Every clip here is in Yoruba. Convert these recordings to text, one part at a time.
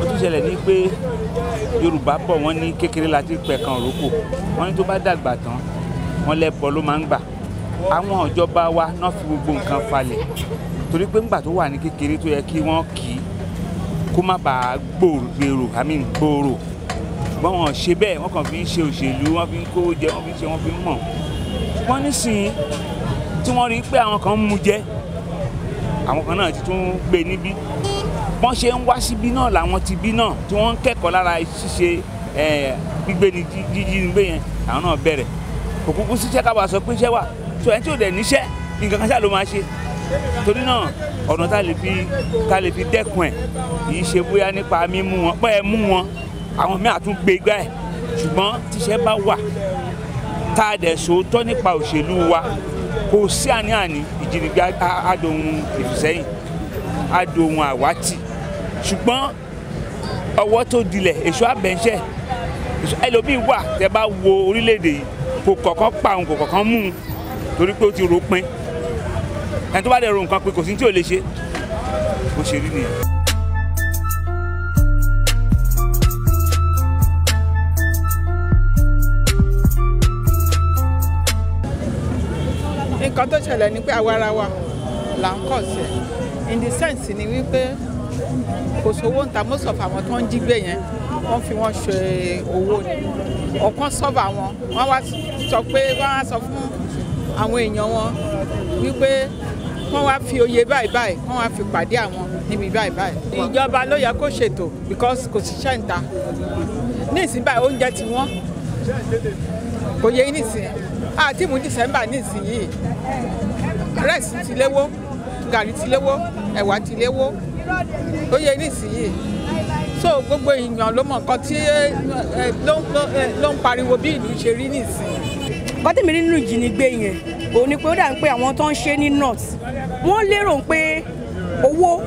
ó tún ṣẹlẹ̀ ní pé yorùbá bọ̀ wọ́n ní kékeré la ti pẹ̀ kan òrókò wọ́n ní tó bá dàgbà tán wọ́n lẹ́bọ ló máa ń gbà àwọn ìjọba wa náà fi gbogbo nǹkan falẹ̀ torí pé ńgbà tó wà ní kékeré tó yẹ kí wọ́n kì í kó má bàa gbòòrò àmì gbòòrò ṣùgbọ́n wọn ṣe bẹ́ẹ̀ wọ́n kàn fi ń ṣe òṣèlú wọ́n fi ń kówó jẹ wọ́n fi ń ṣe wọ́n fi ń mọ̀ wọ́n nísìnyí tí wọ́n rí pé àwọn kan ń mu jẹ àwọn kan náà ti tún gbé níbí bọ́n ṣe ń wá síbí náà làwọn ti bí náà tí wọ́n ń kẹ́kọ̀ọ́ lára ṣíṣe gbígbé ni jíjí nígbé yẹn àwọn náà bẹ̀rẹ̀ kò kúkú síṣẹ́ káwa sọ pé iṣẹ́ wà so ẹni tí ò dẹ̀ níṣẹ́ nǹkan kan ṣáà ló máa ṣe torí náà ọ̀nà tá lè fi tá lè fi dẹ́kun ẹ̀ kìí ṣe bóyá nípa mímú wọn pẹ́ ẹ mú wọn àwọn míì àtún gbé gbá ẹ̀ ṣùgbọ́n tíṣẹ́ bá wà tá a dẹ̀ sòótọ́ nípa òṣèlú wa kò sí àní àní ìjínigbé adohun ìfìsẹ́yìn adohun àwátì ṣùgbọ́n ọwọ́ tó dilẹ̀ èso àbẹ̀ńṣẹ̀ ẹlòmíì wà tẹ́ bá wo orílẹ̀-èdè yìí kò kọ̀ọ̀kan pa òun kò kọ̀ọ̀kan mú un torí pé ó ti ròpin ẹni tó bá dẹ̀ ro nǹkan pé kò sí tí ò lè ṣe bó ṣe rí nìyẹn. nǹkan tó ṣẹlẹ̀ ni pé àwa ara wa là ń kọ̀ sí in the sense ni wípé kò sówó níta most of àwọn tó ń jí gbé yẹn wọ́n fi wọ́n ṣe owó ni ọ̀kan sọ́ọ̀bà wọn wọ́n wá sọ pé wọ́n á sọ fún àwọn èèyàn wọn wípé wọ́n wá fi oyè báyìí báyìí wọ́n wá fi pàdé àwọn níbi báyìí báyìí. ìjọba ló yẹ kó ṣètò because kò sí ṣẹ́ǹta ní ìsìn báyìí oúnjẹ ti wọ́n kò yẹ nísìn àti mú December nísìn yìí rẹ́sì ti léwó gàrí ti léwó ẹ̀wà ti léwó ó yẹ nísìnyí so gbogbo èèyàn ló mọ nǹkan tí ló ń pariwo bí ìlú ṣe rí nísìnyí. nǹkan tí mi rí nínú ìjínigbé yẹn òun ni pé ó dà ń pé àwọn tó ń ṣe ní north wọ́n lérò pé owó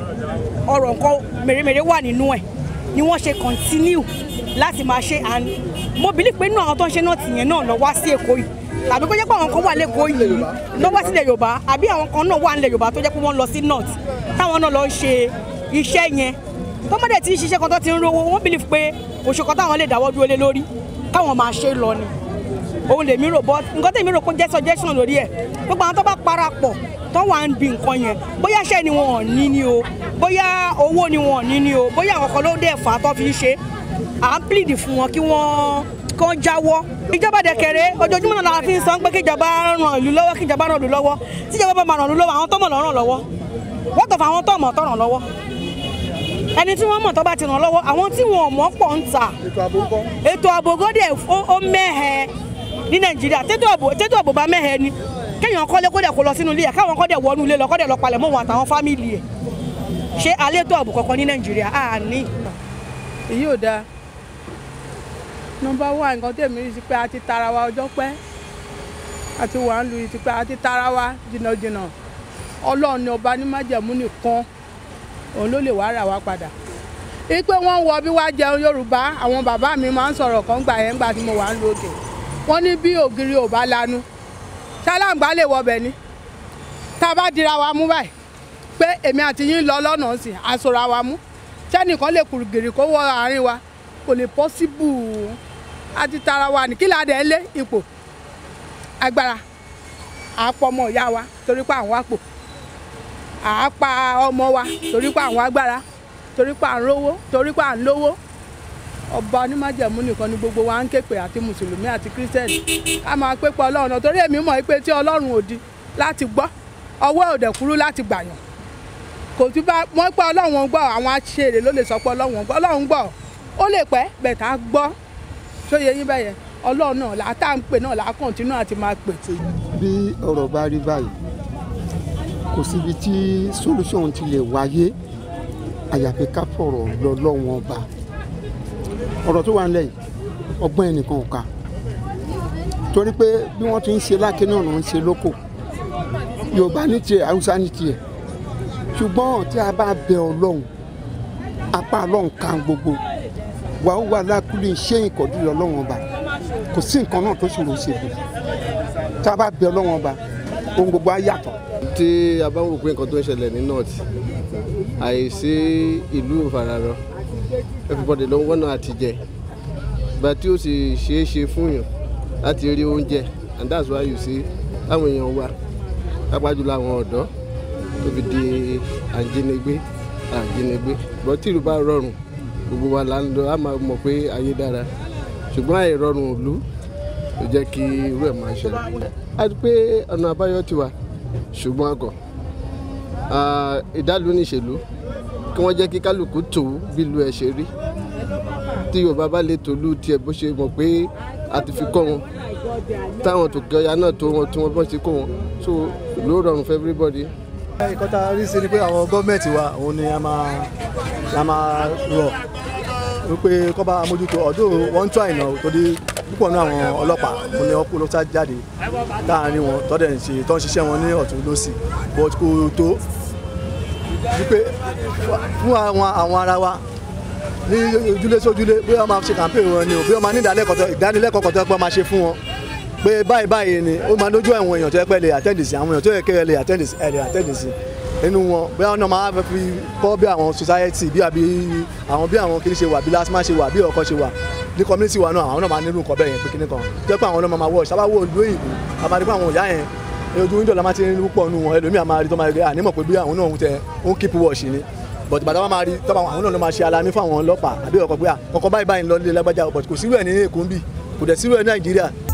ọ̀rọ̀ nǹkan mèremère wà nínú ẹ̀ ni wọ́n ṣe continue láti máa ṣe and mo believe pé inú àwọn tó ń ṣe north yẹn náà lọ wá sí èkó yìí tàbí kó jẹ́ pé àwọn kan wà lẹ́kọ̀ọ́ yìí lọ́wọ́ sílẹ̀ yorùbá àbí àwọn kan náà wà nílẹ̀ yorùbá tó jẹ́ pé wọ́n lọ sí north táwọn náà lọ ń ṣe iṣẹ́ yẹn tó mọ́dẹ̀ tí ń ṣiṣẹ́ kan tó ti ń rówó wọ́n bìlíf pé oṣù kan táwọn lè dáwọ́ dúró lé lórí káwọn máa ṣe lọ ni òun lèmi rò bọ́ nǹkan tèmi rò pé jẹ́ suggestion lórí ẹ̀ gbogbo àwọn tó bá parapọ̀ tó wà ń bi nǹkan yẹn bóyá iṣẹ́ ni wọn ní ni o bóyá owó ni wọn ò ní ni o bóyá àwọn kan ló dẹ̀ fà á tó fi ń ṣe à ń plead fún wọn kí wọ́n kan jáwọ́ ìjọba dẹ̀kẹ̀rẹ́ ojoojúmọ́ náà la fi ń sọ pé kíjọba ràn ìlú lọ́wọ́ kíjọba ràn ìlú lọ́wọ́ tíjọba bá máa ràn ìlú lọ́wọ́ àwọn tọ́mọ̀ lọ́ràn lọ́wọ́ wọ́n tọ̀ fún àwọn tọ́mọ̀ tọ́ràn lọ́wọ́ ẹni tí wọ́n mọ̀ tó bá ti ràn lọ́wọ́ àwọn tí wọn ò mọ̀ pọ̀ ń tà ètò ààbò gọ́dẹ̀ ó mẹ́hẹ ní nàìjíríà tètò ààbò bá mẹ́hẹ ni kéèyàn kọ́lé kódẹ̀ kó lọ sínú ilé ẹ̀ káwọn kọ́dẹ̀ wọnú ilé lọ kọ́dẹ̀ lọ palẹ̀ mọ́ wọn àtàwọn fámìlì ẹ̀ ṣé alẹ́ ètò ààbò kankan ní nàìjíríà á ní. èyí ò dáa nọ́mbà wà nǹkan tèmi rí sí pé a ti tara wa ọjọ́ pẹ́ àti wà ń lu ìtìpẹ́ àti tara wa jìnnàjìnnà ọlọ́run ni ọba ní májẹ̀mú nìkan òun ló lè wá rà wá padà ipe wọ́n ń wọ bí wá jẹun yorùbá àwọn bàbá mi máa ń sọ̀rọ̀ kan gbà yẹn gbà tí mo wà ń lo òkè wọ́n ní bí ògiri ò bá lanu ṣáláǹgbá lè wọbẹ̀ ni tá a bá dira wa mú báyìí pé èmi àti yín lọ lọ́nà à á pa ọmọ wa torí pé àwọn agbára torí pé à ń rówó torí pé à ń lówó ọba onímájẹ̀mú nìkan ni gbogbo wa ń képe àti mùsùlùmí àti kírísítẹ́nì ká máa pé pa ọlọ́run torí èmi mọ̀ pé tí ọlọ́run ò láti gbọ́ ọwọ́ òdẹ̀ kúrú láti gbàyàn kò tún bá wọ́n pé ọlọ́run gbọ́ àwọn aṣèrè ló lè sọ pé ọlọ́run gbọ́ ọlọ́run gbọ́ ó lè pẹ́ bẹ̀tà gbọ́ sóye yín bẹ́yẹn ọlọ́run náà làá ń pè náà làá kọ̀ǹtínú àti máa pè. bí ọ̀rọ̀ bá rí báyìí kò síbi tí solution ti lè wáyé àyàfi ká fọ̀rọ̀ lọ lọ́wọ́n ọba ọ̀rọ̀ tó wà nílẹ̀ yìí ọgbọ́n ẹnìkan ò ká torí pé bí wọ́n ti ń ṣe lákè náà ń ṣe lóko yorùbá ní tiẹ̀ haúsá ní tiẹ̀ ṣùgbọ́n tí a bá bẹ ọlọ́run apá ọlọ́run kan gbogbo wàá wà lákùlé ṣé ìkọ̀dú ọlọ́run ọba kò sí nǹkan náà tó ṣòro ṣe bò tá a bá bẹ ọlọ́run ọba ohun gbogbo á yàtọ̀ tí a bá ń wò pé nǹkan tó ń ṣẹlẹ̀ ní north àìsí ìlú ìfararọ everybody ló ń wọ́nà àtijẹ ìgbà tí ó sì ṣeé ṣe fún yàn láti rí oúnjẹ and that's why you see táwọn èèyàn wa pápá jùlọ àwọn ọ̀dọ́ tó fi di àjínigbé àjínigbé ṣùgbọ́n tí ìlú bá rọrùn gbogbo wa là ń lọ á máa mọ̀ pé ayé dára ṣùgbọ́n àìrọrùn ìlú ló jẹ́ kí irú ẹ̀ máa ṣẹlẹ̀. a ti pé ọ̀nà àbáyọ ti wà ṣùgbọ́n akọ ìdálù níṣèlú kí wọ́n jẹ́ kí kálukú tò ó bí ìlú ẹ̀ ṣe rí tí Yorùbá bá lè tòlú tiẹ̀ bó ṣe mọ̀ pé a ti fi kọ́ wọn táwọn tó gẹ̀yà náà tó wọn tí wọ́n bọ́ sí kó wọn so ló rọrùn for everybody. ẹ̀kọ́ tá a rí sí ni pé àwọn gọ́ọ̀mẹ̀ntì wa òun ni a máa a máa rọ̀ wípé kọ́ bá mójútó ọ̀dọ́ wọ́n ń tún àìná torí púpọ̀ náà àwọn ọlọ́pàá òun ni wọ́n kó lọ́tà jáde láàrin wọn tọ́dẹ̀ ń ṣe tọ́ ń ṣiṣẹ́ wọn ní ọ̀tún lọ́sì but kò tó wípé fún àwọn àwọn ara wa ní ojúlé sójúlé bóyá wọ́n máa ṣe campaign wọn ni o bóyá wọ́n máa ní ìdánilẹ́kọ̀ọ́ kan tó yẹ pé wọ́n máa ṣe fún wọn pé báyìí báyìí ni ó máa lójú àwọn èèyàn tó yẹ pé lè àtẹ́ǹdì sí àwọn èèyàn tó yẹ kéré lè àtẹ́ǹdì sí nínú wọn bóyá wọn máa fi kọ́ bí àwọn society bí àbí àwọn bí àwọn kìíní ṣe wà bí lasma ṣe wà bí ọkọ ṣe wà ní community wa náà àwọn náà máa nírú nǹkan bẹ́ẹ̀ yẹn pé kíní kan jẹ́ pé àwọn náà máa wọ̀ ṣábà wò ló èyìnbó a máa pé àwọn ìyá yẹn ojú ìjọ máa ti ń pọ̀ nù wọn ẹlòmíì máa rí tó máa rí ànímọ̀ pé bí àwọn náà ń tẹ ń keep watch ni but bàtà wa máa rí tọ́ba àwọn náà ló máa ṣe alamí fún àwọn ọlọ́pàá àbí ọkọ̀ pé ọkọ̀ báyìí báyìí lọ lé lágbájá but kò sírú ẹ̀ ní èkó ń bì kò dẹ̀ sírú ẹ̀ ní nàìjíríà